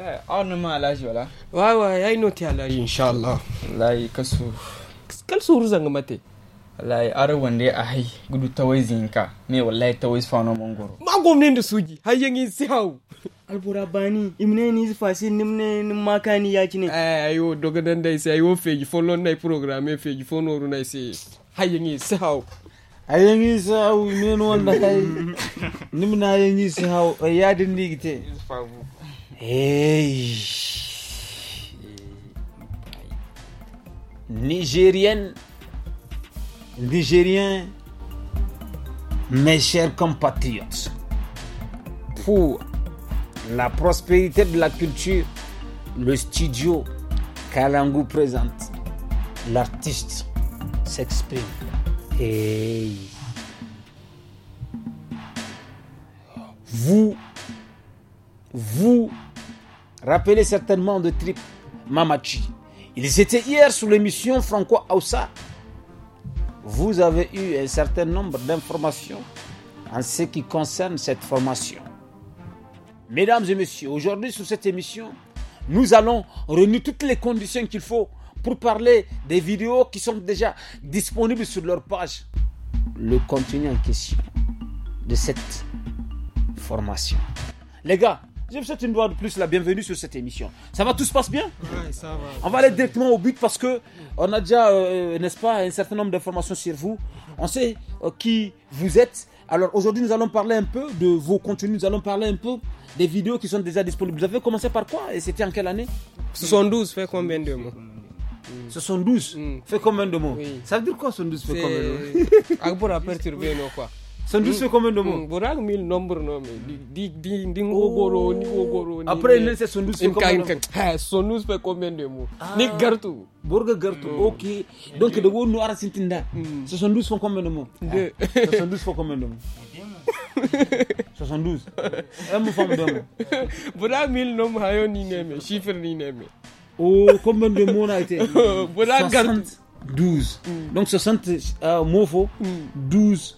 Eh, awon ma alaji wala wa wa ya ino ti alaji insha Allah lai kasu suru zanga mate wallahi ar wande a hai gudu ta wai zinka me wallahi ta wai fano mangoro ma gwamnan da suji har yanyin sihawu albura bani imne ni zifasi nimne nim makani ya kine eh ayo doga dan dai sai ayo feji follow na program e eh, feji fono ru nai sai har yanyin sihawu har yanyin sihawu men wanda kai nimna yanyin sihawu ya din digite Hey. Nigérienne, Nigérien, mes chers compatriotes, pour la prospérité de la culture, le studio Kalangu présente l'artiste s'exprime. Hey. rappelez certainement de Trip Mamachi. Ils étaient hier sur l'émission Franco Aoussa. Vous avez eu un certain nombre d'informations en ce qui concerne cette formation. Mesdames et messieurs, aujourd'hui sur cette émission, nous allons renouer toutes les conditions qu'il faut pour parler des vidéos qui sont déjà disponibles sur leur page. Le contenu en question de cette formation. Les gars, je vous souhaite une fois de plus la bienvenue sur cette émission. Ça va, tout se passe bien Oui, ça va. On va aller directement au but parce que on a déjà, euh, n'est-ce pas, un certain nombre d'informations sur vous. On sait euh, qui vous êtes. Alors aujourd'hui, nous allons parler un peu de vos contenus. Nous allons parler un peu des vidéos qui sont déjà disponibles. Vous avez commencé par quoi Et c'était en quelle année 72 fait combien de mots 72 hmm. fait combien de mots Ça veut dire quoi 72 fait combien de mots Pour a perturber, non quoi 72 combien de mots? Voilà mille nombres nommé. Ding ding ding ogoro ni ogoro fait 72 combien de mots? Ni gartu. Borga gartu. Mm. Ok. Donc le mot nous arrêtez Tinder. Ce 72 font combien de mots? 72 font combien de mots? 72. Un mot combien de mots? Voilà mille nombres. Hayon inèmè. Chiffre inèmè. Oh combien de mots a été? Voilà gartu. 72. Mm. Donc 72 euh, mots. 12.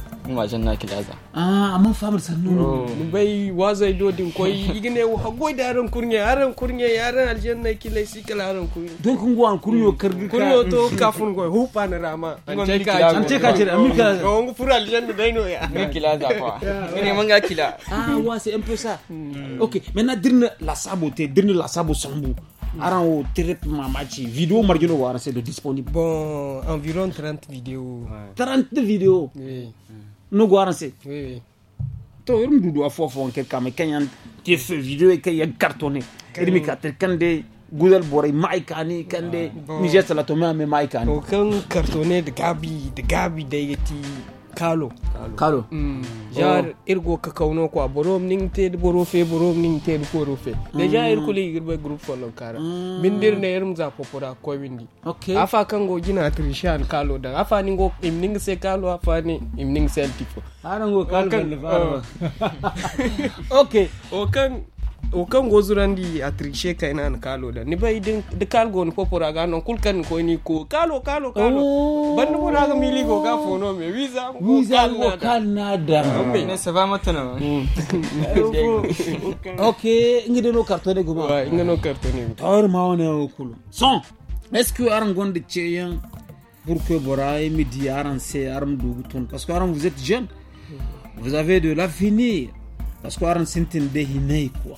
majan na kilaza ah amma famar sannu oh. bai wazai din koi igine wa hagoi da yaran kurnye yaran kurnye yaran naki lai si kala yaran kurnye don kun go an kurnyo mm. kardi kurnyo to kafun go hu pa na rama an ce ka an ce ka ce ami ka go ngu fura aljanna dai no ya ni kilaza fa ni manga kila ah wa c'est un peu ça mm. ok maintenant dirne la sabote dirne la sabo sambu mm. aran o trip mamaci video marjino wara c'est de disponible bon environ 30 vidéos 30 vidéos no Oui, oui. to irin dudu a afo fo onkel kame kenyan te fe video e kenyan cartonné irmi katel kande gudal borai ma'aikani kan dai nijar salatomia mai ma'aikani to kan cartonné de gabi de gabi de yati kalo kalo mm. oh. jar irgo ka kauno kwa borom ning te boro fe borom ning te ko rofe de ja mm. ir kuli girbe group for non kara mm. bindir ne irum za popora ko windi okay afa kan go gina trishan kalo da afa ningo go im ning se kalo afa ni im ning se tifo arango kalo oh. okay o kan o kan go a triche kai kalo da ni bai din da kalgo ni popora ga non ko kalo kalo kalo oh. bandu mo daga mili ga fono me visa visa go canada ne se va matana mm. ok ngi de no cartone go e ma ngi no cartone tor ma wona o son est-ce que aran gonde cheyan pour que bora mi di aran se aram dugu ton parce que aran vous êtes jeune vous avez de l'avenir parce que aran sintin de hinay quoi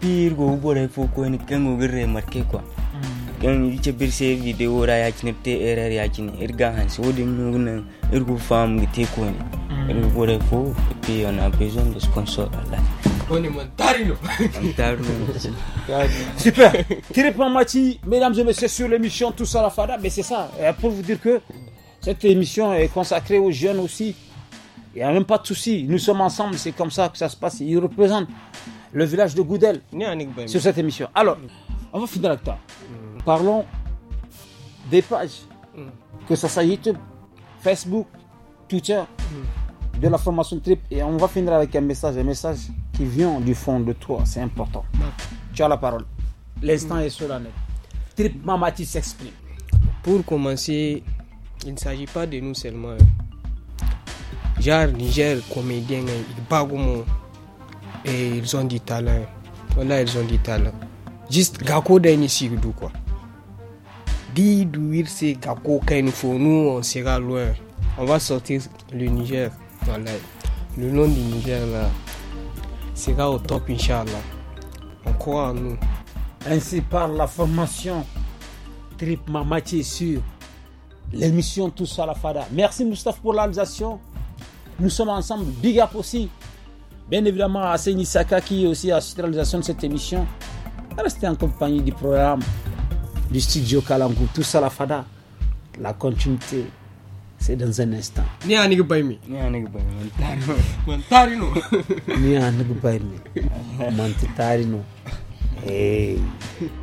Et puis, ko on a besoin de sponsor là. on est montarino montarino super Tirez par Mati mesdames et messieurs sur l'émission tout ça la fada mais c'est ça euh, pour vous dire que cette émission est consacrée aux jeunes aussi il n'y a même pas de souci. Nous sommes ensemble, c'est comme ça que ça se passe. Ils représentent le village de Goudel, sur cette émission. Alors, mm. On va finir avec toi, mm. parlons des pages, mm. que ce soit YouTube, Facebook, Twitter, de la formation Trip. Et on va finir avec un message, un message qui vient du fond de toi, c'est important. Tu as la parole. L'instant est solennel. Trip Mamati s'exprime. Pour commencer, il ne s'agit pas de nous seulement. Hein. Genre Niger, comédien, il hein et ils ont du talent. Voilà, ils ont du talent. Juste Gako Daini du quoi. d'où il sait Gako faut nous, on sera loin. On va sortir le Niger. Voilà. Le nom du Niger, là, sera au top, Inch'Allah. On croit en nous. Ainsi, par la formation Trip Mamati sur l'émission Tous à la Fada. Merci, Moustaphe, pour l'organisation. Nous sommes ensemble. Big up aussi Bien évidemment, à Saka, qui est aussi à la réalisation de cette émission. Restez en compagnie du programme du studio Kalangu, tout ça la fada. La continuité, c'est dans un instant. Ni Ni Ni